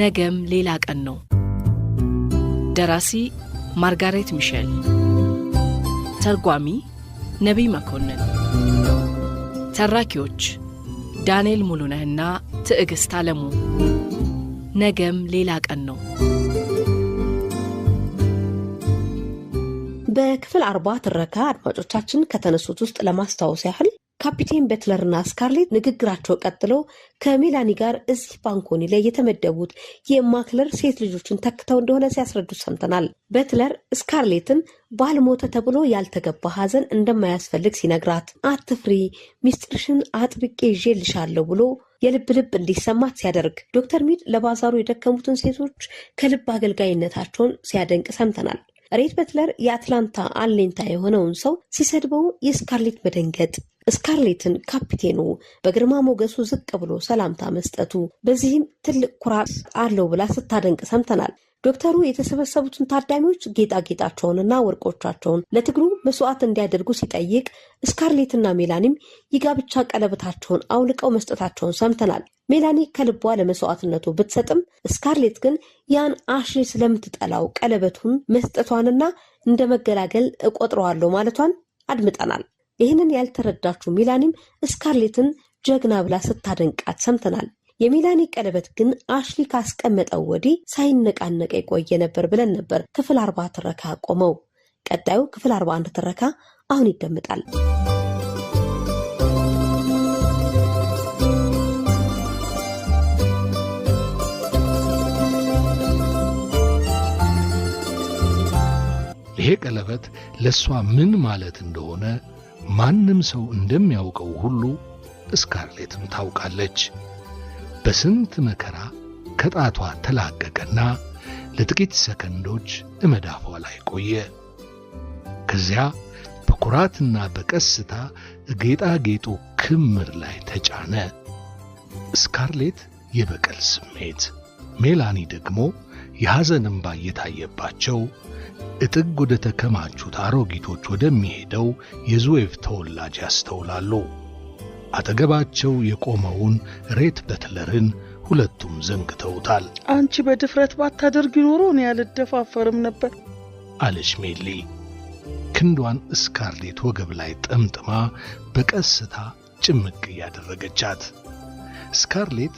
ነገም ሌላ ቀን ነው። ደራሲ ማርጋሬት ሚሸል፣ ተርጓሚ ነቢይ መኮንን፣ ተራኪዎች ዳንኤል ሙሉነህና ትዕግሥት አለሙ። ነገም ሌላ ቀን ነው። በክፍል አርባ ትረካ አድማጮቻችን ከተነሱት ውስጥ ለማስታወስ ያህል ካፒቴን በትለርና ስካርሌት ንግግራቸው ቀጥሎ ከሜላኒ ጋር እዚህ ባንኮኒ ላይ የተመደቡት የማክለር ሴት ልጆችን ተክተው እንደሆነ ሲያስረዱ ሰምተናል። በትለር ስካርሌትን ባልሞተ ተብሎ ያልተገባ ሐዘን እንደማያስፈልግ ሲነግራት አትፍሪ፣ ሚስጥርሽን አጥብቄ ይዤልሻለሁ ብሎ የልብ ልብ እንዲሰማት ሲያደርግ ዶክተር ሚድ ለባዛሩ የደከሙትን ሴቶች ከልብ አገልጋይነታቸውን ሲያደንቅ ሰምተናል። ሬት በትለር የአትላንታ አሌንታ የሆነውን ሰው ሲሰድበው የስካርሌት መደንገጥ ስካርሌትን ካፒቴኑ በግርማ ሞገሱ ዝቅ ብሎ ሰላምታ መስጠቱ በዚህም ትልቅ ኩራት አለው ብላ ስታደንቅ ሰምተናል። ዶክተሩ የተሰበሰቡትን ታዳሚዎች ጌጣጌጣቸውንና ወርቆቻቸውን ለትግሩ መስዋዕት እንዲያደርጉ ሲጠይቅ እስካርሌትና ሜላኒም የጋብቻ ቀለበታቸውን አውልቀው መስጠታቸውን ሰምተናል። ሜላኒ ከልቧ ለመስዋዕትነቱ ብትሰጥም እስካርሌት ግን ያን አሽሌ ስለምትጠላው ቀለበቱን መስጠቷንና እንደ መገላገል እቆጥረዋለሁ ማለቷን አድምጠናል። ይህንን ያልተረዳችው ሜላኒም እስካርሌትን ጀግና ብላ ስታደንቃት ሰምተናል። የሚላኒ ቀለበት ግን አሽሊ ካስቀመጠው ወዲህ ሳይነቃነቅ የቆየ ነበር ብለን ነበር ክፍል አርባ ትረካ ቆመው። ቀጣዩ ክፍል አርባ አንድ ትረካ አሁን ይደመጣል። ይሄ ቀለበት ለእሷ ምን ማለት እንደሆነ ማንም ሰው እንደሚያውቀው ሁሉ እስካርሌትም ታውቃለች። በስንት መከራ ከጣቷ ተላቀቀና ለጥቂት ሰከንዶች እመዳፏ ላይ ቆየ። ከዚያ በኩራትና በቀስታ ጌጣጌጡ ክምር ላይ ተጫነ። ስካርሌት የበቀል ስሜት፣ ሜላኒ ደግሞ የሐዘን እንባ እየታየባቸው እጥግ ወደ ተከማቹት አሮጊቶች ወደሚሄደው የዙዌቭ ተወላጅ ያስተውላሉ። አጠገባቸው የቆመውን ሬት በትለርን ሁለቱም ዘንግተውታል። አንቺ በድፍረት ባታደርግ ኖሮ እኔ አልደፋፈርም ነበር አለች ሜሊ ክንዷን እስካርሌት ወገብ ላይ ጠምጥማ በቀስታ ጭምቅ እያደረገቻት። ስካርሌት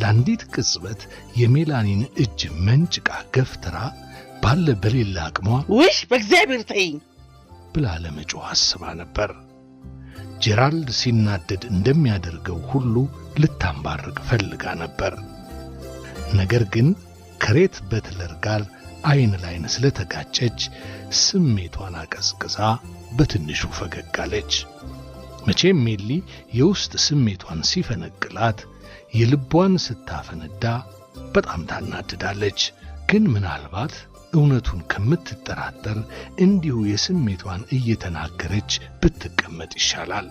ለአንዲት ቅጽበት የሜላኒን እጅ መንጭቃ ገፍትራ ባለ በሌላ አቅሟ ውሽ በእግዚአብሔር ተይኝ ብላ ለመጮህ አስባ ነበር። ጄራልድ ሲናደድ እንደሚያደርገው ሁሉ ልታንባርቅ ፈልጋ ነበር። ነገር ግን ከሬት በትለር ጋር ዐይን ላይን ስለተጋጨች ስሜቷን አቀዝቅዛ በትንሹ ፈገግ አለች። መቼም ሜሊ የውስጥ ስሜቷን ሲፈነቅላት የልቧን ስታፈነዳ በጣም ታናድዳለች። ግን ምናልባት እውነቱን ከምትጠራጠር እንዲሁ የስሜቷን እየተናገረች ብትቀመጥ ይሻላል።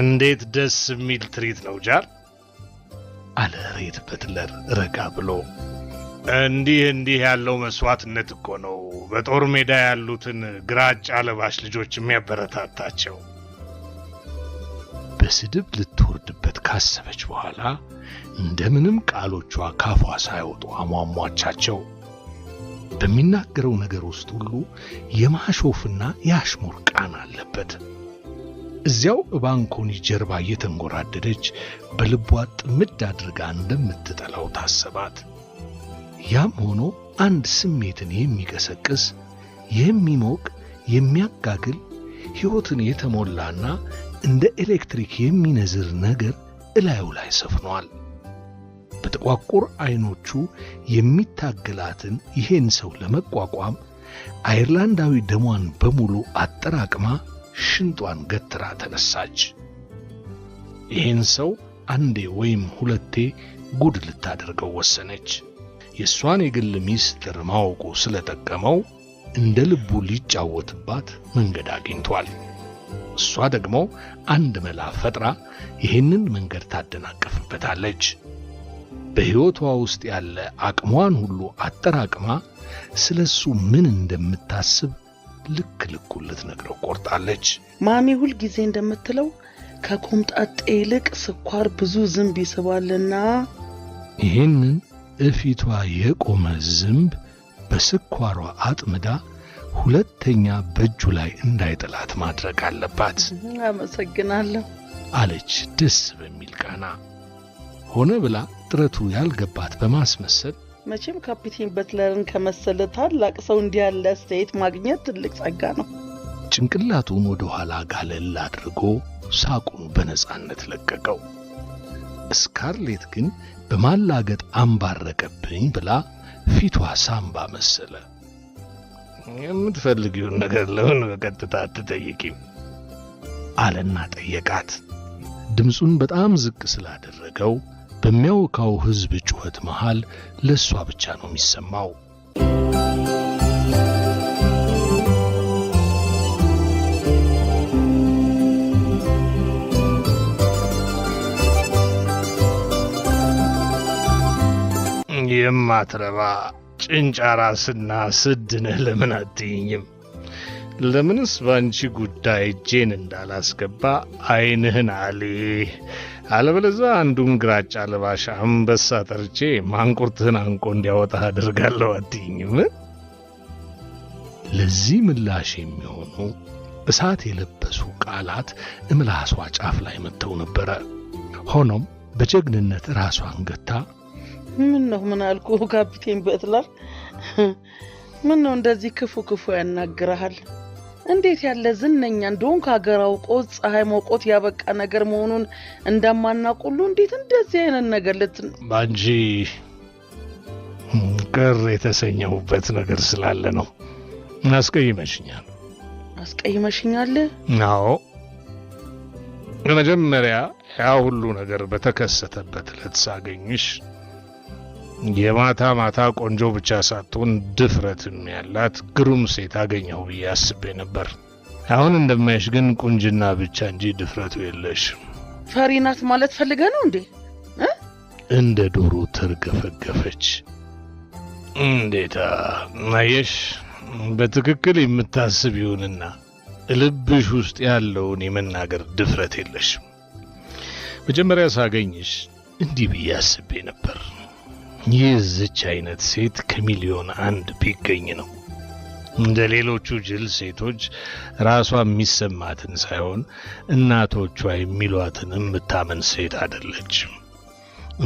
እንዴት ደስ የሚል ትርኢት ነው ጃል፣ አለ ሬት በትለር ረጋ ብሎ። እንዲህ እንዲህ ያለው መስዋዕትነት እኮ ነው በጦር ሜዳ ያሉትን ግራጫ ለባሽ ልጆች የሚያበረታታቸው። በስድብ ልትወርድበት ካሰበች በኋላ እንደምንም ቃሎቿ ካፏ ሳይወጡ አሟሟቻቸው። በሚናገረው ነገር ውስጥ ሁሉ የማሾፍና የአሽሙር ቃን አለበት። እዚያው ባንኮኒ ጀርባ እየተንጎራደደች በልቧ ጥምድ አድርጋ እንደምትጠላው ታሰባት። ያም ሆኖ አንድ ስሜትን የሚቀሰቅስ የሚሞቅ የሚያጋግል ሕይወትን የተሞላና እንደ ኤሌክትሪክ የሚነዝር ነገር እላዩ ላይ ሰፍኗል። በጠቋቁር ዐይኖቹ የሚታገላትን ይሄን ሰው ለመቋቋም አይርላንዳዊ ደሟን በሙሉ አጠራቅማ ሽንጧን ገትራ ተነሳች። ይሄን ሰው አንዴ ወይም ሁለቴ ጉድ ልታደርገው ወሰነች። የእሷን የግል ሚስጥር ማወቁ ስለጠቀመው እንደ ልቡ ሊጫወትባት መንገድ አግኝቷል። እሷ ደግሞ አንድ መላ ፈጥራ ይህንን መንገድ ታደናቀፍበታለች። በሕይወቷ ውስጥ ያለ አቅሟን ሁሉ አጠራቅማ ስለ እሱ ምን እንደምታስብ ልክ ልኩ ልትነግረው ቆርጣለች። ማሚ ሁል ጊዜ እንደምትለው ከኮምጣጤ ይልቅ ስኳር ብዙ ዝንብ ይስባልና ይህንን እፊቷ የቆመ ዝንብ በስኳሯ አጥምዳ ሁለተኛ በእጁ ላይ እንዳይጥላት ማድረግ አለባት። አመሰግናለሁ አለች ደስ በሚል ቃና ሆነ ብላ ጥረቱ ያልገባት በማስመሰል መቼም ካፒቴን በትለርን ከመሰለ ታላቅ ሰው እንዲህ ያለ አስተያየት ማግኘት ትልቅ ጸጋ ነው። ጭንቅላቱን ወደ ኋላ ጋለል አድርጎ ሳቁን በነጻነት ለቀቀው። ስካርሌት ግን በማላገጥ አምባረቀብኝ ብላ ፊቷ ሳምባ መሰለ። የምትፈልጊውን ነገር ለምን በቀጥታ አትጠይቂም? አለና ጠየቃት። ድምፁን በጣም ዝቅ ስላደረገው በሚያወቃው ሕዝብ ጩኸት መሃል ለእሷ ብቻ ነው የሚሰማው። የማትረባ ጭንጫ ራስና ስድ ለምን አትይኝም? ለምንስ ባንቺ ጉዳይ እጄን እንዳላስገባ አይንህን አሌ አለበለዚያ አንዱን ግራጫ ለባሽ አንበሳ ጠርቼ ማንቁርትህን አንቆ እንዲያወጣ አድርጋለሁ አትይኝም? ለዚህ ምላሽ የሚሆኑ እሳት የለበሱ ቃላት እምላሷ ጫፍ ላይ መጥተው ነበረ። ሆኖም በጀግንነት ራሷን ገታ። ምን ነው ምን አልኩ ካፒቴን በትላል? ምን ነው እንደዚህ ክፉ ክፉ ያናግረሃል? እንዴት ያለ ዝነኛ እንደሆን ከሀገር አውቆት ፀሐይ መውቆት ያበቃ ነገር መሆኑን እንደማናቁሉ እንዴት እንደዚህ አይነት ነገር ልት ባንጂ ቅር የተሰኘሁበት ነገር ስላለ ነው። አስቀይመሽኛል። አስቀይመሽኛል? አዎ። በመጀመሪያ ያ ሁሉ ነገር በተከሰተበት ዕለት ሳገኝሽ የማታ ማታ ቆንጆ ብቻ ሳትሆን ድፍረትም ያላት ግሩም ሴት አገኘሁ ብዬ አስቤ ነበር። አሁን እንደማይሽ ግን ቁንጅና ብቻ እንጂ ድፍረቱ የለሽ። ፈሪ ናት ማለት ፈልገ ነው እንዴ? እንደ ዶሮ ተርገፈገፈች። እንዴታ አየሽ፣ በትክክል የምታስብ ይሁንና ልብሽ ውስጥ ያለውን የመናገር ድፍረት የለሽም። መጀመሪያ ሳገኝሽ እንዲህ ብዬ አስቤ ነበር ይህዝች አይነት ሴት ከሚሊዮን አንድ ቢገኝ ነው። እንደ ሌሎቹ ጅል ሴቶች ራሷ የሚሰማትን ሳይሆን እናቶቿ የሚሏትን የምታመን ሴት አደለች።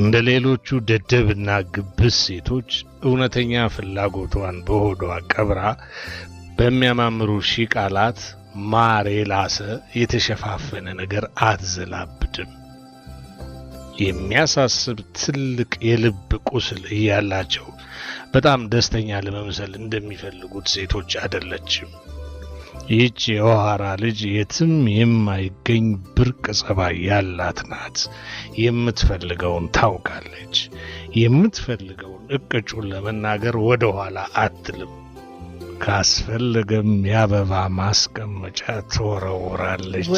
እንደ ሌሎቹ ደደብና ግብስ ሴቶች እውነተኛ ፍላጎቷን በሆዷ ቀብራ በሚያማምሩ ሺ ቃላት ማሬ ላሰ የተሸፋፈነ ነገር አትዘላብ የሚያሳስብ ትልቅ የልብ ቁስል እያላቸው በጣም ደስተኛ ለመምሰል እንደሚፈልጉት ሴቶች አይደለችም። ይህች የኦሃራ ልጅ የትም የማይገኝ ብርቅ ጸባይ ያላት ናት። የምትፈልገውን ታውቃለች። የምትፈልገውን እቅጩን ለመናገር ወደ ኋላ አትልም። ካስፈለገም የአበባ ማስቀመጫ ትወረውራለች።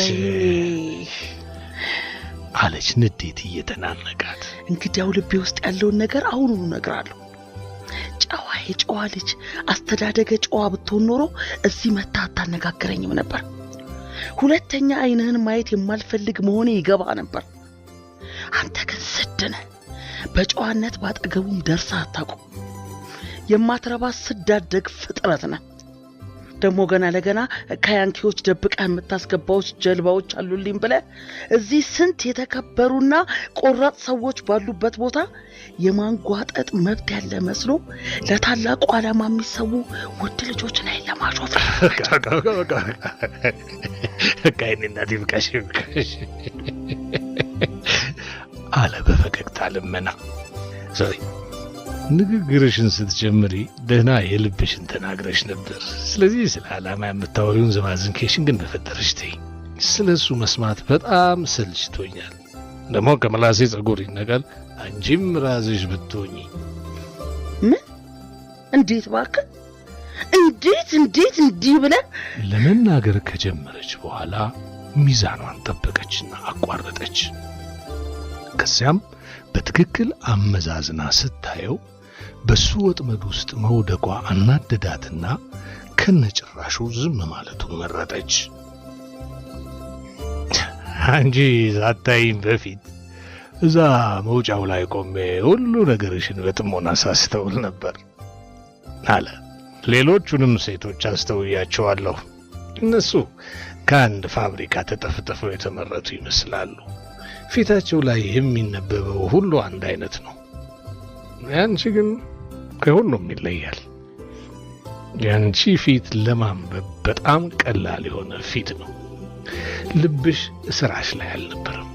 አለች ንዴት እየተናነቃት። እንግዲያው ልቤ ውስጥ ያለውን ነገር አሁኑኑ እነግራለሁ። ጨዋ የጨዋ ልጅ አስተዳደገ ጨዋ ብትሆን ኖሮ እዚህ መታ አታነጋግረኝም ነበር። ሁለተኛ ዓይንህን ማየት የማልፈልግ መሆኔ ይገባ ነበር። አንተ ግን ስድነ ነህ። በጨዋነት ባጠገቡም ደርሰህ አታውቅም። የማትረባ ስዳደግ ፍጥረት ነህ። ደግሞ ገና ለገና ከያንኪዎች ደብቃ የምታስገባዎች ጀልባዎች አሉልኝ ብለ እዚህ ስንት የተከበሩና ቆራጥ ሰዎች ባሉበት ቦታ የማንጓጠጥ መብት ያለ መስሎ ለታላቁ ዓላማ የሚሰዉ ውድ ልጆች ላይ ለማሾፍ ቃይኔና ዲብቃሽ አለ በፈገግታ ልመና ሶሪ ንግግርሽን ስትጀምሪ ደህና የልብሽን ተናግረሽ ነበር። ስለዚህ ስለ ዓላማ የምታወሪውን ዘማዝንኬሽን ግን በፈጠረሽ ተይ። ስለ እሱ መስማት በጣም ሰልችቶኛል። ደግሞ ከመላሴ ጸጉር ይነቃል። አንቺም ራስሽ ብትሆኚ ምን? እንዴት እባክህ! እንዴት እንዴት እንዲህ ብለህ ለመናገር ከጀመረች በኋላ ሚዛኗን ጠበቀችና አቋረጠች። ከዚያም በትክክል አመዛዝና ስታየው በሱ ወጥመድ ውስጥ መውደቋ አናደዳትና ከነጭራሹ ዝም ማለቱን መረጠች። አንቺ ሳታይም በፊት እዛ መውጫው ላይ ቆሜ ሁሉ ነገርሽን በጥሞና ሳስተውል ነበር አለ። ሌሎቹንም ሴቶች አስተውያቸዋለሁ። እነሱ ከአንድ ፋብሪካ ተጠፍጥፈው የተመረቱ ይመስላሉ። ፊታቸው ላይ የሚነበበው ሁሉ አንድ አይነት ነው። አንቺ ግን ከሁሉም ይለያል። ያንቺ ፊት ለማንበብ በጣም ቀላል የሆነ ፊት ነው። ልብሽ ስራሽ ላይ አልነበረም፣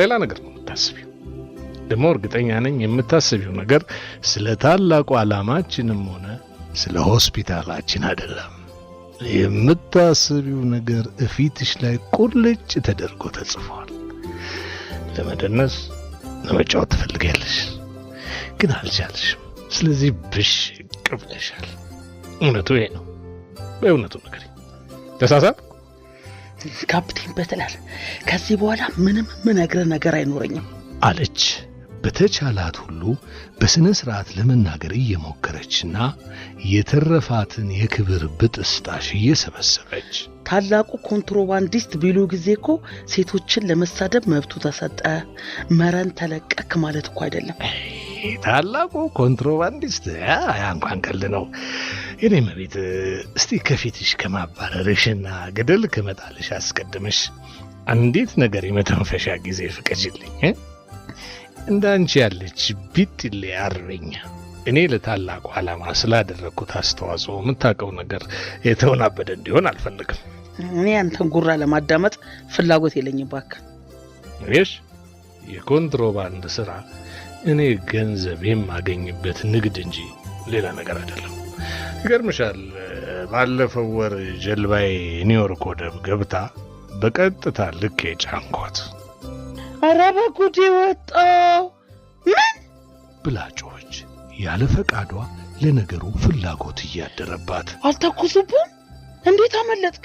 ሌላ ነገር ነው የምታስቢው። ደግሞ እርግጠኛ ነኝ የምታስቢው ነገር ስለ ታላቁ ዓላማችንም ሆነ ስለ ሆስፒታላችን አይደለም። የምታስቢው ነገር እፊትሽ ላይ ቁልጭ ተደርጎ ተጽፏል። ለመደነስ ለመጫወት ትፈልጊያለሽ፣ ግን አልቻልሽም። ስለዚህ ብሽቅ ብለሻል። እውነቱ ይሄ ነው። በእውነቱ ነገር ተሳሳብ ካፕቴን በትላል። ከዚህ በኋላ ምንም ምነግርህ ነገር አይኖረኝም አለች በተቻላት ሁሉ በሥነ ሥርዓት ለመናገር እየሞከረችና የተረፋትን የክብር ብጥስጣሽ እየሰበሰበች ታላቁ ኮንትሮባንዲስት ቢሉ ጊዜ እኮ ሴቶችን ለመሳደብ መብቱ ተሰጠ፣ መረን ተለቀክ ማለት እኮ አይደለም። ታላቁ ኮንትሮባንዲስት እንኳን ቀልድ ነው። እኔ መቤት እስቲ ከፊትሽ ከማባረርሽና ገደል ከመጣልሽ አስቀድምሽ አንዲት ነገር የመተንፈሻ ጊዜ ፍቀጅልኝ። እንዳንቺ ያለች ቢጥሌ አርበኛ እኔ ለታላቁ ዓላማ ስላደረግኩት አስተዋጽኦ የምታውቀው ነገር የተወናበደ እንዲሆን አልፈልግም። እኔ አንተን ጉራ ለማዳመጥ ፍላጎት የለኝም። እባክህ የኮንትሮባንድ ስራ እኔ ገንዘብ የማገኝበት ንግድ እንጂ ሌላ ነገር አይደለም። ይገርምሻል፣ ባለፈው ወር ጀልባዬ ኒውዮርክ ወደብ ገብታ በቀጥታ ልክ የጫንኳት። ኧረ በጉዴ ወጣው ምን ብላጮች ያለ ፈቃዷ ለነገሩ ፍላጎት እያደረባት አልተኩሱብን። እንዴት አመለጥክ?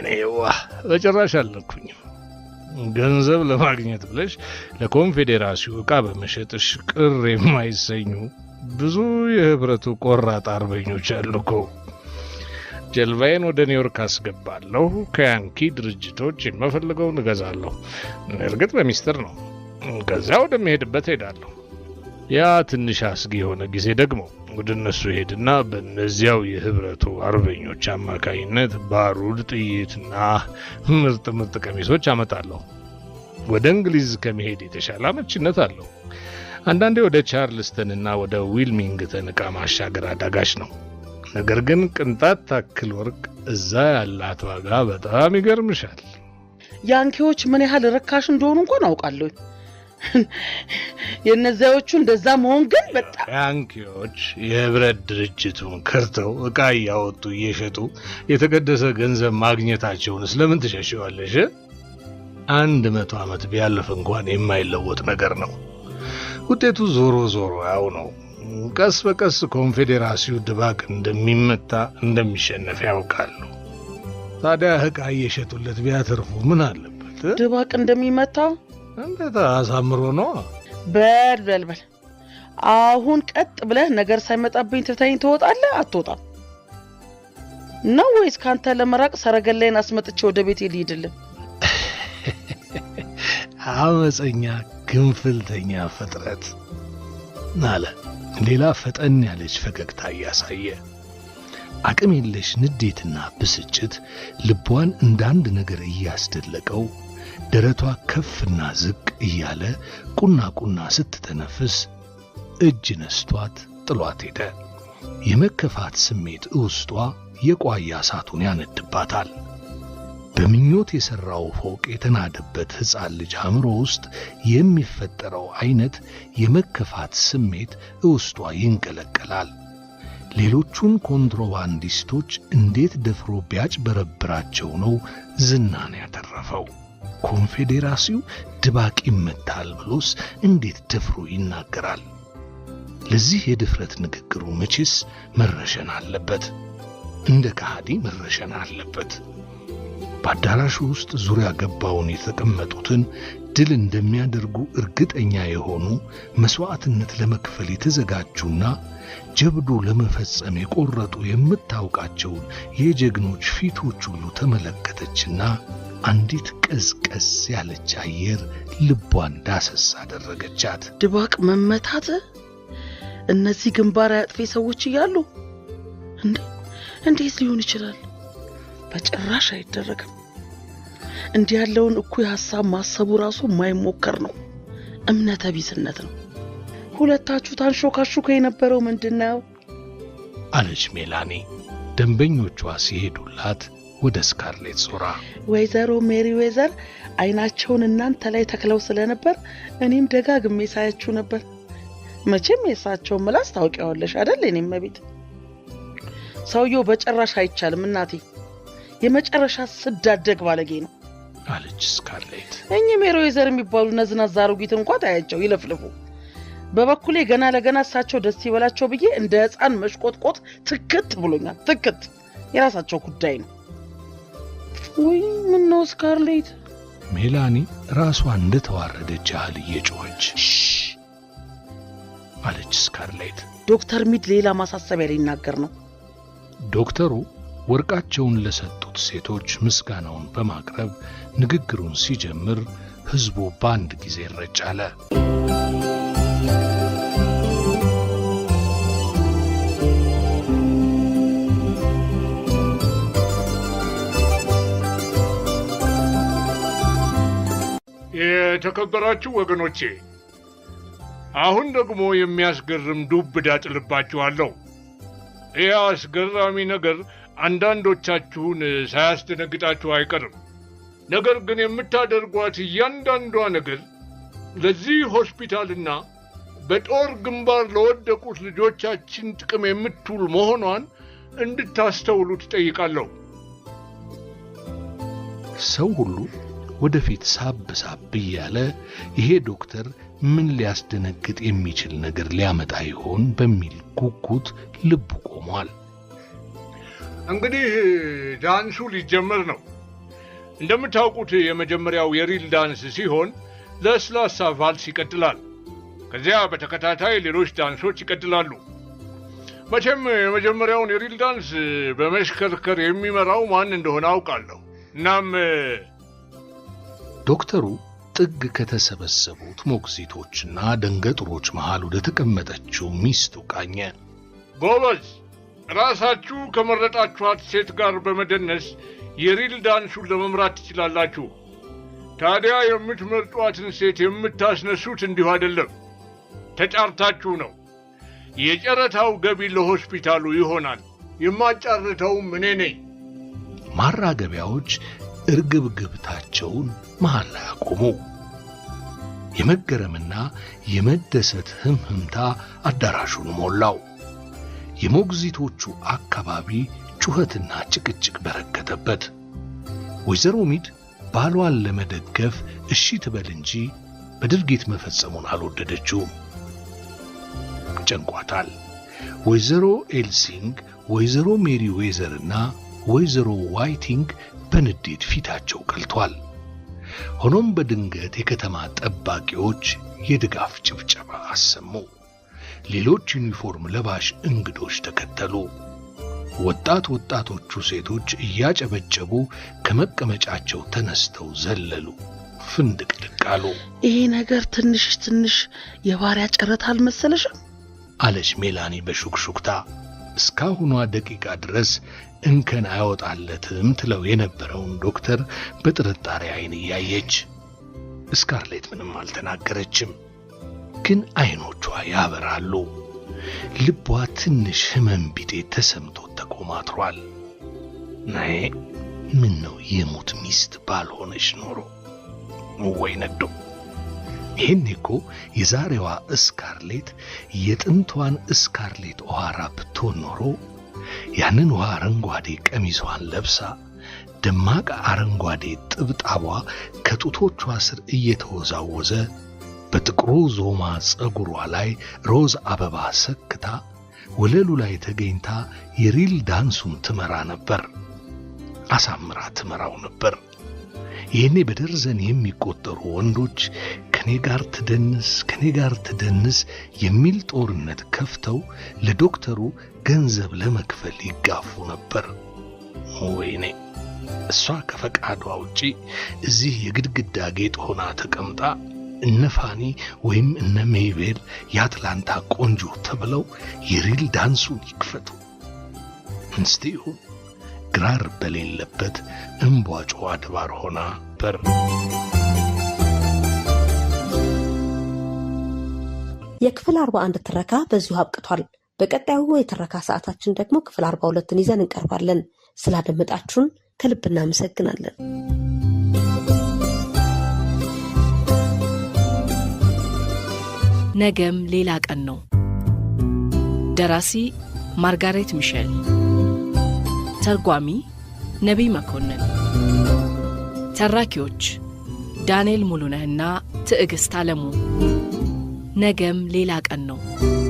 እኔ ዋ በጭራሽ አልነኩኝም። ገንዘብ ለማግኘት ብለሽ ለኮንፌዴራሲው ዕቃ በመሸጥሽ ቅር የማይሰኙ ብዙ የህብረቱ ቆራጥ አርበኞች አሉ እኮ። ጀልባዬን ወደ ኒውዮርክ አስገባለሁ። ከያንኪ ድርጅቶች የምፈልገውን እገዛለሁ። እርግጥ በሚስጥር ነው። ከዚያ ወደሚሄድበት ሄዳለሁ። ያ ትንሽ አስጊ የሆነ ጊዜ ደግሞ ወደ እነሱ ሄድና በእነዚያው የህብረቱ አርበኞች አማካይነት ባሩድ፣ ጥይትና ምርጥ ምርጥ ቀሚሶች አመጣለሁ። ወደ እንግሊዝ ከመሄድ የተሻለ አመቺነት አለው። አንዳንዴ ወደ ቻርልስተንና ወደ ዊልሚንግተን ዕቃ ማሻገር አዳጋች ነው። ነገር ግን ቅንጣት ታክል ወርቅ እዛ ያላት ዋጋ በጣም ይገርምሻል። ያንኪዎች ምን ያህል ርካሽ እንደሆኑ እንኳን አውቃለሁ። የእነዚያዎቹ እንደዛ መሆን ግን በጣም ያንኪዎች የህብረት ድርጅቱን ከርተው እቃ እያወጡ እየሸጡ የተቀደሰ ገንዘብ ማግኘታቸውን ስለምን ትሸሸዋለሽ? አንድ መቶ ዓመት ቢያልፍ እንኳን የማይለወጥ ነገር ነው። ውጤቱ ዞሮ ዞሮ ያው ነው። ቀስ በቀስ ኮንፌዴራሲው ድባቅ እንደሚመታ እንደሚሸነፍ ያውቃሉ። ታዲያ እቃ እየሸጡለት ቢያተርፉ ምን አለበት? ድባቅ እንደሚመታ እንዴት አሳምሮ ነው። በል በል በል አሁን ቀጥ ብለህ ነገር ሳይመጣብኝ ትታኝ ትወጣለህ። አትወጣም ነው ወይስ ካንተ ለመራቅ ሰረገላይን አስመጥቼ ወደ ቤቴ ልሂድልን? አመፀኛ ግንፍልተኛ ፍጥረት አለ። ሌላ ፈጠን ያለች ፈገግታ እያሳየ አቅም የለሽ ንዴትና ብስጭት ልቧን እንዳንድ ነገር እያስደለቀው ደረቷ ከፍና ዝቅ እያለ ቁና ቁና ስትተነፍስ እጅ ነስቷት ጥሏት ሄደ። የመከፋት ስሜት እውስጧ የቋያ እሳቱን ያነድባታል። በምኞት የሠራው ፎቅ የተናደበት ሕፃን ልጅ አእምሮ ውስጥ የሚፈጠረው ዐይነት የመከፋት ስሜት እውስጧ ይንቀለቀላል። ሌሎቹን ኮንትሮባንዲስቶች እንዴት ደፍሮ ቢያጭበረብራቸው ነው ዝናን ያተረፈው? ኮንፌዴራሲው ድባቅ ይመታል ብሎስ እንዴት ደፍሮ ይናገራል? ለዚህ የድፍረት ንግግሩ መቼስ መረሸን አለበት፣ እንደ ከሃዲ መረሸን አለበት። በአዳራሹ ውስጥ ዙሪያ ገባውን የተቀመጡትን ድል እንደሚያደርጉ እርግጠኛ የሆኑ መስዋዕትነት ለመክፈል የተዘጋጁና ጀብዱ ለመፈጸም የቆረጡ የምታውቃቸውን የጀግኖች ፊቶች ሁሉ ተመለከተችና አንዲት ቀዝቀዝ ያለች አየር ልቧን ዳሰስ አደረገቻት። ድባቅ መመታት እነዚህ ግንባር አያጥፌ ሰዎች እያሉ እንዴት ሊሆን ይችላል? በጭራሽ አይደረግም። እንዲህ ያለውን እኩይ ሀሳብ ማሰቡ ራሱ የማይሞከር ነው። እምነተ ቢስነት ነው። ሁለታችሁ ታንሾካሹኮ የነበረው ምንድን ነው? አለች ሜላኒ ደንበኞቿ ሲሄዱላት ወደ ስካርሌት ዞራ ወይዘሮ ሜሪ ዌዘር አይናቸውን እናንተ ላይ ተክለው ስለነበር እኔም ደጋግሜ ሳያችሁ ነበር። መቼም የእሳቸውን ምላስ ታውቂዋለሽ አደል? እኔም መቤት ሰውየው በጭራሽ አይቻልም እናቴ፣ የመጨረሻ ስዳደግ ባለጌ ነው አለች ስካርሌት። እኚህ ሜሪ ዌዘር የሚባሉ ነዝናዛ አሮጊት እንኳ ታያቸው ይለፍልፉ። በበኩሌ ገና ለገና እሳቸው ደስ ይበላቸው ብዬ እንደ ሕፃን መሽቆጥቆጥ ትክት ብሎኛል። ትክት የራሳቸው ጉዳይ ነው። ወይ ምነው ስካርሌት? ሜላኒ ራሷ እንደተዋረደች ያህል እየጮኸች አለች። ስካርሌት ዶክተር ሚድ ሌላ ማሳሰቢያ ሊናገር ነው። ዶክተሩ ወርቃቸውን ለሰጡት ሴቶች ምስጋናውን በማቅረብ ንግግሩን ሲጀምር ሕዝቡ በአንድ ጊዜ እረጭ አለ። የተከበራችሁ ወገኖቼ አሁን ደግሞ የሚያስገርም ዱብ ዕዳ ጥልባችኋለሁ። ይህ አስገራሚ ነገር አንዳንዶቻችሁን ሳያስደነግጣችሁ አይቀርም። ነገር ግን የምታደርጓት እያንዳንዷ ነገር ለዚህ ሆስፒታልና በጦር ግንባር ለወደቁት ልጆቻችን ጥቅም የምትውል መሆኗን እንድታስተውሉ ትጠይቃለሁ። ሰው ሁሉ ወደፊት ሳብ ሳብ እያለ ይሄ ዶክተር ምን ሊያስደነግጥ የሚችል ነገር ሊያመጣ ይሆን በሚል ጉጉት ልቡ ቆሟል። እንግዲህ ዳንሱ ሊጀመር ነው። እንደምታውቁት የመጀመሪያው የሪል ዳንስ ሲሆን ለስላሳ ቫልስ ይቀጥላል። ከዚያ በተከታታይ ሌሎች ዳንሶች ይቀጥላሉ። መቼም የመጀመሪያውን የሪል ዳንስ በመሽከርከር የሚመራው ማን እንደሆነ አውቃለሁ። እናም ዶክተሩ ጥግ ከተሰበሰቡት ሞግዚቶችና ደንገጥሮች መሃል ወደ ተቀመጠችው ሚስቱ ቃኘ። ጎበዝ፣ ራሳችሁ ከመረጣችኋት ሴት ጋር በመደነስ የሪል ዳንሱን ለመምራት ትችላላችሁ። ታዲያ የምትመርጧትን ሴት የምታስነሱት እንዲሁ አይደለም፣ ተጫርታችሁ ነው። የጨረታው ገቢ ለሆስፒታሉ ይሆናል። የማጫርተውም እኔ ነኝ። ማራገቢያዎች እርግብግብታቸውን መሃል ላይ አቆሙ። የመገረምና የመደሰት ህምህምታ አዳራሹን ሞላው። የሞግዚቶቹ አካባቢ ጩኸትና ጭቅጭቅ በረከተበት። ወይዘሮ ሚድ ባሏን ለመደገፍ እሺ ትበል እንጂ በድርጊት መፈጸሙን አልወደደችውም። ጨንቋታል። ወይዘሮ ኤልሲንግ፣ ወይዘሮ ሜሪ ዌዘርና ወይዘሮ ዋይቲንግ በንዴት ፊታቸው ቀልቷል። ሆኖም በድንገት የከተማ ጠባቂዎች የድጋፍ ጭብጨባ አሰሙ። ሌሎች ዩኒፎርም ለባሽ እንግዶች ተከተሉ። ወጣት ወጣቶቹ ሴቶች እያጨበጨቡ ከመቀመጫቸው ተነስተው ዘለሉ፣ ፍንድቅድቅ አሉ። ይሄ ነገር ትንሽ ትንሽ የባሪያ ጨረታ አልመሰለሽም? አለች ሜላኒ በሹክሹክታ። እስካሁኗ ደቂቃ ድረስ እንከን አይወጣለትም ትለው የነበረውን ዶክተር በጥርጣሬ አይን እያየች ስካርሌት ምንም አልተናገረችም፣ ግን አይኖቿ ያበራሉ። ልቧ ትንሽ ህመም ቢጤ ተሰምቶ ተቆማትሯል። ናይ ምን ነው የሙት ሚስት ባልሆነች ኖሮ ወይ ነዶ። ይህን እኮ የዛሬዋ እስካርሌት የጥንቷን እስካርሌት ኦሃራ ብትሆን ኖሮ ያንን ውሃ አረንጓዴ ቀሚሷን ለብሳ ደማቅ አረንጓዴ ጥብጣቧ ከጡቶቿ ስር እየተወዛወዘ በጥቁሩ ዞማ ፀጉሯ ላይ ሮዝ አበባ ሰክታ ወለሉ ላይ ተገኝታ የሪል ዳንሱን ትመራ ነበር። አሳምራ ትመራው ነበር። ይህኔ በደርዘን የሚቆጠሩ ወንዶች ከኔ ጋር ትደንስ ከኔ ጋር ትደንስ የሚል ጦርነት ከፍተው ለዶክተሩ ገንዘብ ለመክፈል ይጋፉ ነበር። ወይኔ እሷ ከፈቃዷ ውጪ እዚህ የግድግዳ ጌጥ ሆና ተቀምጣ እነ ፋኒ ወይም እነ ሜይቤል የአትላንታ ቆንጆ ተብለው የሪል ዳንሱን ይክፈቱ እንስቲሁ ግራር በሌለበት እምቧጮ አድባር ሆና በር የክፍል 41 ትረካ በዚሁ አብቅቷል። በቀጣዩ የትረካ ሰዓታችን ደግሞ ክፍል 42ን ይዘን እንቀርባለን። ስላደመጣችሁን ከልብ እናመሰግናለን። ነገም ሌላ ቀን ነው። ደራሲ ማርጋሬት ሚሸል፣ ተርጓሚ ነቢይ መኮንን፣ ተራኪዎች ዳንኤል ሙሉነህና ትዕግሥት አለሙ ነገም ሌላ ቀን ነው።